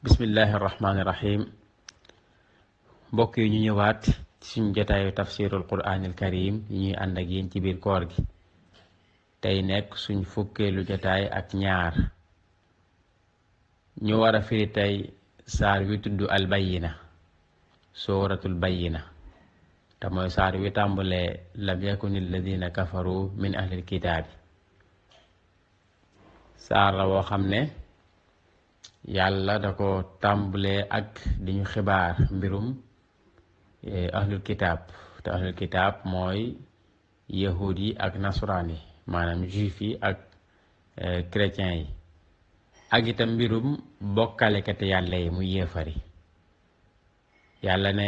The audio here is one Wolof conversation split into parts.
bismillahi irrahmaani yi ñu ñëwaat suñ suñu jotaayu tafsirul quraanil karim yi ñuy ànd ak ci biir koor gi tey nekk suñ fukkeelu jotaay ak ñaar ñu war a firi tey saar wi tudd albayina sooratul bayina te mooy saar wi tàmbalee lam yakun alladina kafaru min ahlil kitaabi saar la xam ne yàlla da ko tàmbalee ak di ñu xibaar mbirum eh, ahlul kitaab te ahlul kitaab mooy yahud yi ak nasraan yi maanaam juif yi ak eh, chrétiens yi ak itam mbirum bokkalekat yàlla yi muy yéefari yàlla ne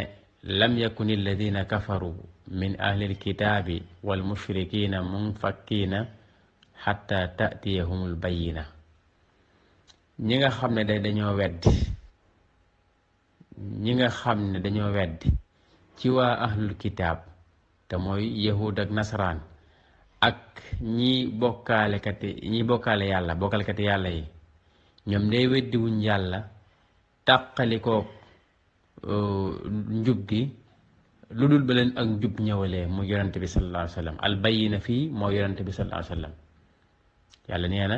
lam yakun alladina kafaru min ahlil kitaabi wal mushrikiina munfakkiina xatta taatiyahumul bayina ñi nga xam ne day dañoo wedd ñi nga xam ne dañoo weddi ci waa ahlul kitaab te mooy yahud ak nasaraan ak ñi bokkaalekati ñi bokkaale yàlla bokkaalekati yàlla yi ñoom day weddi wuñ yàlla tàqalikook euh, njub gi lu dul ba leen ak njub ñëwalee mu yonante bi sallallahu alayhi wa sallam fii moo yonante bi sallallahu alayhi wa yàlla nee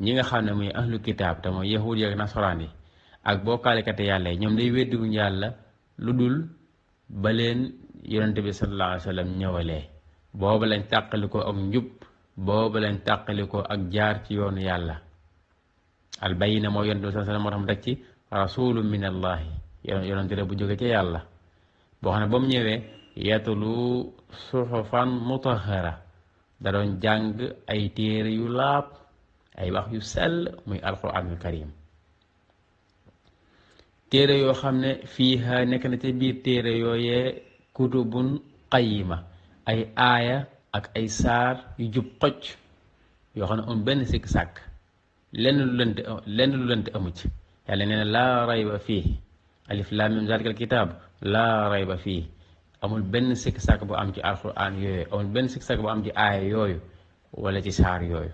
ñi nga xam ne muy ahlu kitaab te mooy yahud ak nasaraan yi ak bokkaalekate yàlla yi ñoom day weddiwuñ yàlla lu dul ba leen yonente bi sallallahu alayhi wa sallam ñëwalee booba lañ tàqalikoo ak njub booba lañ tàqalikoo ak jaar ci yoonu yàlla al bayina mooy yonente bi sallallahu alayhi moo tax mu teg ci rasulun min allahi yonente bu jóge ca yàlla boo xam ne ba mu ñëwee yatlu suhufan mutahhara da doon jàng ay téere yu laab ay wax yu sell muy alquranul karim téere yoo xam ne fiiha nekk na ca biir téere yooyee kutubun qayima ay aaya ak ay saar yu jub xocc yoo xam ne am benn sikk sàkk lenn lu lënt lenn lu lënt amu ci laa rayba fii alif laam mim zaalikal kitaab laa rayba fii amul benn sikk sàkk bu am ci alquran yooyu amul benn sikk sàkk bu am ci aaya yooyu walla ci saar yooyu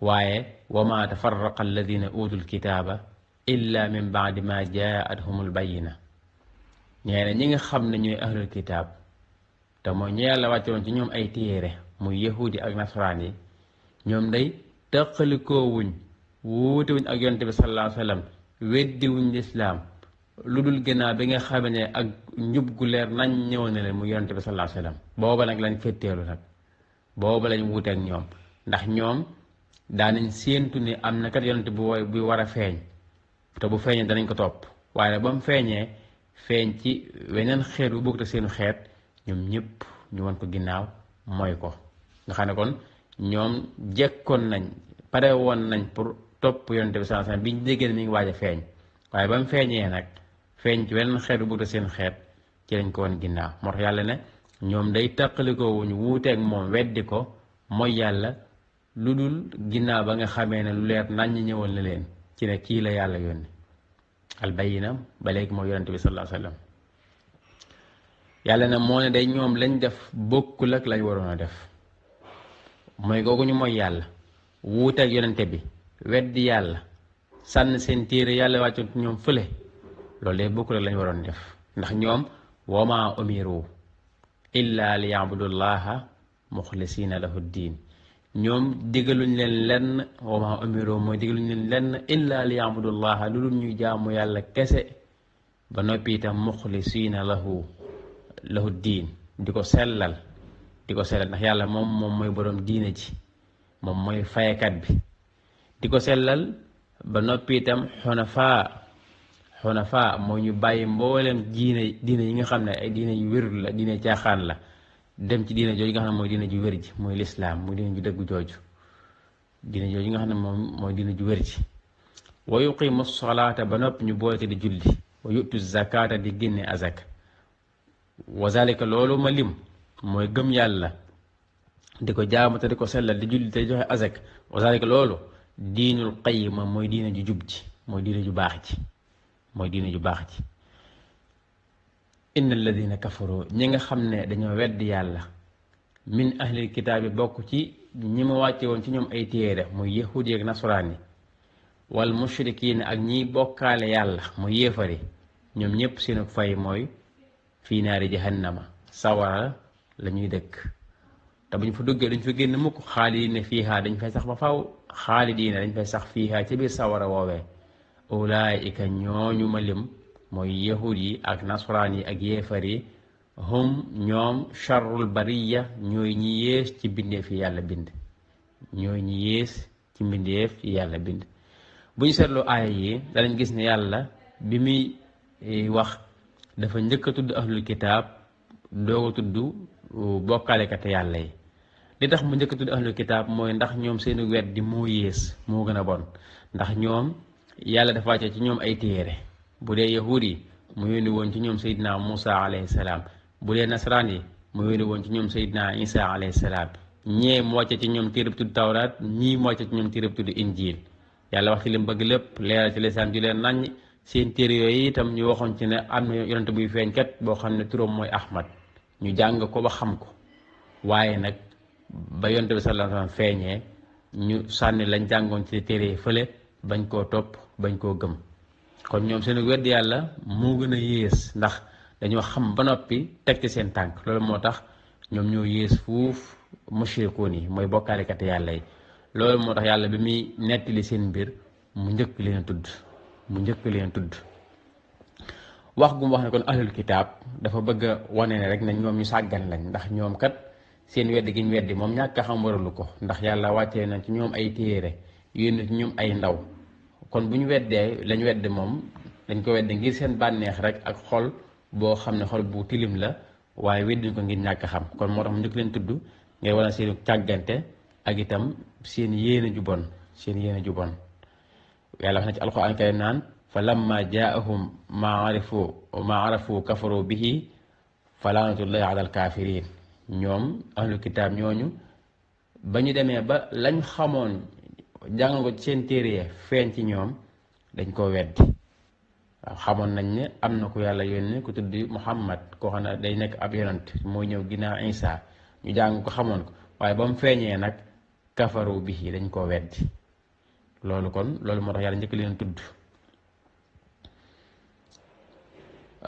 waaye wama tafarraqa alladina utul kitaaba illa min baadi ma jaathumul bayina ñee na ñi nga xam ne ñooy ahlul kitaab te mooy ñu yàlla wàccoon ci ñoom ay téere mu yahudi ak nasaraan yi ñoom day taqalikoowuñ wuute wuñ ak yonte bi sallallahu alayhi wa sallam weddiwuñ lislaam lu dul gannaaw bi nga xam ne ak njub gu leer nañ ñëw na leen mu yonte bi sallallahu alayhi wa booba nag lañ fetteelu nag booba lañ wuute ñoom ndax ñoom daanañ séentu ni am na kat yonent bu woy bu war a feeñ te bu feeñee danañ ko topp waaye ba mu feeñee feeñ ci weneen xeet bu bokkut seenu xeet ñoom ñëpp ñu ko ginnaaw mooy ko nga ne kon ñoom jekkoon nañ pare woon nañ pour topp yonent bi sallallahu bi ñu déggee mi waaj a feeñ waaye ba mu feeñee nag feeñ ci weneen xeet bu seen xeet ci lañ ko wan ginnaaw moo tax yàlla ne ñoom day taqalikoo wuñu wuuteeg moom weddi ko mooy yàlla lu dul ginnaaw ba nga xamee ne lu leer naññ ñëwal na leen ci ne kii la yàlla yónni albayina ba léegi mooy yonente bi sallallahu alayhi wasallam yàlla na moo ne day ñoom lañ def bokkul ak lañ waroon a def mooy googu ñu mooy yàlla wuute ak yonente bi weddi yàlla sànn seen téere yàlla wàccoon ñoom fële loolu day bokkul ak lañ waroon def ndax ñoom wama umiru illa li yabudullaha muxlisina lahu diin ñoom digaluñ leen lenn wa maa mooy digaluñ leen lenn illa li yaabudullaha lu dul ñuy jaamu yàlla kese ba noppi itam muxlisiina lahu laxu diin di ko sellal di ko sellal ndax yàlla moom moom mooy boroom diine ji moom mooy fayekat bi di ko sellal ba noppi itam xunafaa xunafaa moo ñu bàyyi mboolem diine diine yi nga xam ne ay diine yu wérul la diine caaxaan la dem ci diina jooju nga xam ne mooy diina ju wér ji mooy lislaam mooy diina ju dëggu jooju diina jooju nga xam ne moom mooy diina ju wér ji wa yuqimu solaata ba noppi ñu boole te di julli wa yutu zakaata di génne azak wa zalika loolu ma lim mooy gëm yàlla di ko jaamu te di ko sellal di julli te joxe azak wa zalika loolu diinul qayima mooy diina ju jub ji mooy diina ju baax ji mooy diina ju baax ji inna alladina kafaru ñi nga xam ne dañoo weddi yàlla min ahlil kitaabi bokk ci ñi ma wàcce woon ci ñoom ay téere muy yahudi ak nasaraan yi wal mushrikiin ak ñi bokkaale yàlla mu yéefari ñoom ñépp seenu fay mooy fii naari jahannama sawara la ñuy dëkk te bu ñu fa duggee dañ fa génn mukk xaalidiina fiihaa dañ fay sax ba faw xaalidiina dañ fay sax fiihaa ci biir sawara woowee ulaayika ñooñu ma lim mooy yahud yi ak nasaraan yi ak yéefar yi hum ñoom charrul bariya ñooy ñi yées ci bindeef yi yàlla bind ñooy ñi yées ci mbindeef yi yàlla bind buñ seetlu aaya yi danañ gis ne yàlla bi muy e, wax dafa njëkk a tudd ahlul kitaab doog a tudd bokkaalekat yàlla yi li tax mu njëkk a tudd ahlul kitaab mooy ndax ñoom seeni wet di moo yées moo gën a bon ndax ñoom yàlla dafa wàcce ci ñoom ay téere bu dee yahuud yi mu yónni woon ci ñoom sayidina Moussa alayhi salaam bu dee nasaraan yi mu yónni woon ci ñoom sayidina Isa alayhi salaam ñee mu wàcce ci ñoom téereb tudd tawraat ñii mu wàcce ci ñoom téereb tudd injiil yàlla wax ci li bëgg lépp leeral ci lisaan ju leen naññ seen téere yooyu itam ñu waxoon ci ne am na yonent buy feeñ kat boo xam ne turam mooy Ahmad ñu jàng ko ba xam ko waaye nag ba yonent bi sallallahu feeñee ñu sànni lañ jàngoon ci téere yi fële bañ koo topp bañ koo gëm. kon ñoom seen wedd yàlla moo gën a yées ndax dañoo xam ba noppi teg ci seen tànk loolu moo tax ñoom ñoo yées fuuf mushrikuun yi mooy bokkaalekat yàlla yi loolu moo tax yàlla bi muy nettali seen mbir mu njëkk leen tudd mu njëkk leen tudd wax gu mu wax ne kon ahlul kitaab dafa bëgg a wane rek nañ ñoom ñu sàggan lañ ndax ñoom kat seen wedd gi ñu weddi moom ñàkk xam waralu ko ndax yàlla wàcce nañ ci ñoom ay téere yéen ci ñoom ay ndaw kon bu ñu weddee lañ wedde moom lañ ko wedde ngir seen bànneex rek ak xol boo xam ne xol bu tilim la waaye wedduñ ko ngir ñàkk xam kon moo tax mu njëkk leen tudd ngay wane seen càggante ak itam seen yéene ju seen yéene ju bon yàlla wax na ci alxuraan kay naan fa lamma jaahum maa arifu maa arafu kafaru bihi fa laanatullahi ala alkaafiriin ñoom ahlu kitaab ñooñu ba ñu demee ba lañ xamoon jàngal ko ci seen téere ya feeñ ci ñoom dañ koo weddi waaw xamoon nañ ne am na ku yàlla yónni ku tudd Muhammad koo xam ne day nekk ab yonant mooy ñëw ginnaaw Isa ñu jàng ko xamoon ko waaye ba mu feeñee nag kafaru bi yi dañ koo weddi loolu kon loolu moo tax yàlla njëkk leen tudd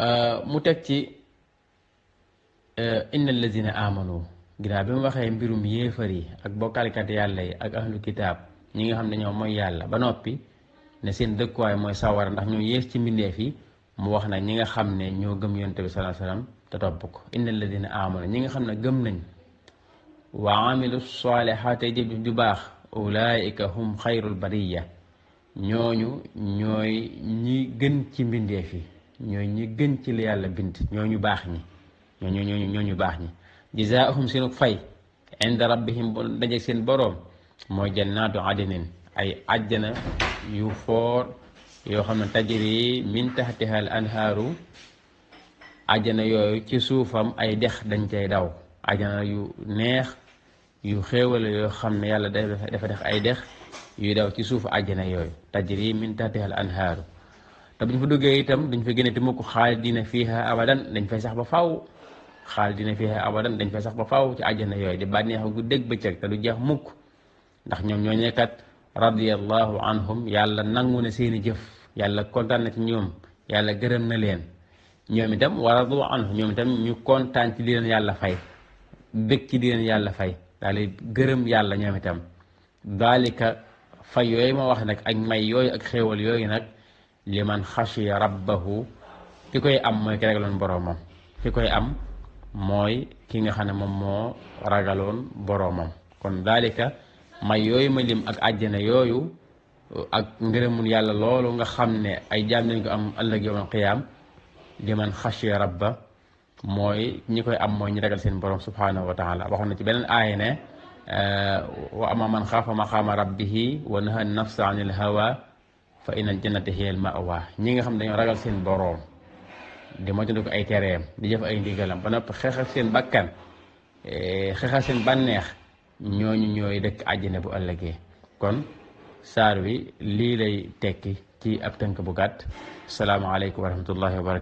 euh, mu teg ci euh, innal lazina amanu ginnaaw bi mu waxee mbirum yéefar yi ak bokkaalikat yàlla yi ak ahlu kitaab ñi nga xam ne ñoom mooy yàlla ba noppi ne seen dëkkuwaay mooy sawara ndax ñoo yées ci mbindeef yi mu wax nag ñi nga xam ne ñoo gëm yonent bi sallallahu alayhi te topp ko la ladina amanu ñi nga xam ne gëm nañ wa amilu salihaati jëf ju baax ulaika hum xayrul bariya ñooñu ñooy ñi gën ci mbindeef yi ñooy ñi gën ci li yàlla bind ñu baax ñi ñooñu ñooñu ñooñu baax ñi jazaahum seenuk fay inda rabbihim dajeeg seen boroom mooy jannaatu adnin ay ajjana yu foor yoo xam ne tajri min tahtiha al anhaaru ajjana yooyu ci suufam ay dex dañ cay daw ajjana yu neex yu xéewale yoo xam ne yàlla dafa def ay dex yuy daw ci suufu ajjana yooyu tajri min tahtiha al anhaaru te buñ fa duggee itam duñ fa génne te mukk xaalidina fiiha abadan dañ fay sax ba faw xaalidina fiiha abadan dañ fay sax ba faw ci ajjana yooyu di bànneex gu dégg bëccëg te du jeex mukk ndax ñoom ñoo ñeekat radiallahu anhum yàlla nangu na seen i jëf yàlla kontaan na ci ñoom yàlla gërëm na leen ñoom itam wa radu anhum ñoom itam ñu kontaan ci li leen yàlla fay bëgg ci li leen yàlla fay daal gërëm yàlla ñoom itam daalika fay yooyu ma wax nag ak may yooyu ak xéewal yooyu nag liman xashiya rabbahu ki koy am mooy ki ragaloon boroomam ki am mooy ki nga xam ne moom moo ragaloon boroomam kon daalika may yooyu ma lim ak àjjana yooyu ak ngërëmul yàlla loolu nga xam ne ay jaam nañ ko am ëllëg yawmal qiyaam liman xashiya rabba mooy ñi koy am mooy ñi ragal seen borom subhanahu wa taala waxoon na ci beneen aaya ne wa ama man xaafa maqaama rabbihi wa naha nafsa anil hawa ñi nga xam dañoo ragal seen boroom di moytandiku ay tereem di jëf ay ndigalam ba nopp xeexal seen bakkan eh, xeexal seen bànneex ñooñu ñooy dëkk àjjana bu ëllëgee kon saar wi lii lay tekki ci ab tënk bu gàtt salaamaaleykum wa rahmatullahi wa barakatu